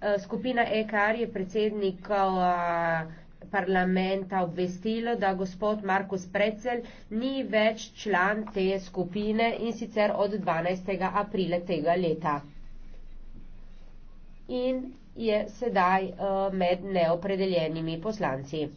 Eh, skupina EKR je predsednika parlamenta obvestila, da gospod Markus Precel ni več član te skupine in sicer od 12. aprila tega leta. In je sedaj eh, med neopredeljenimi poslanci.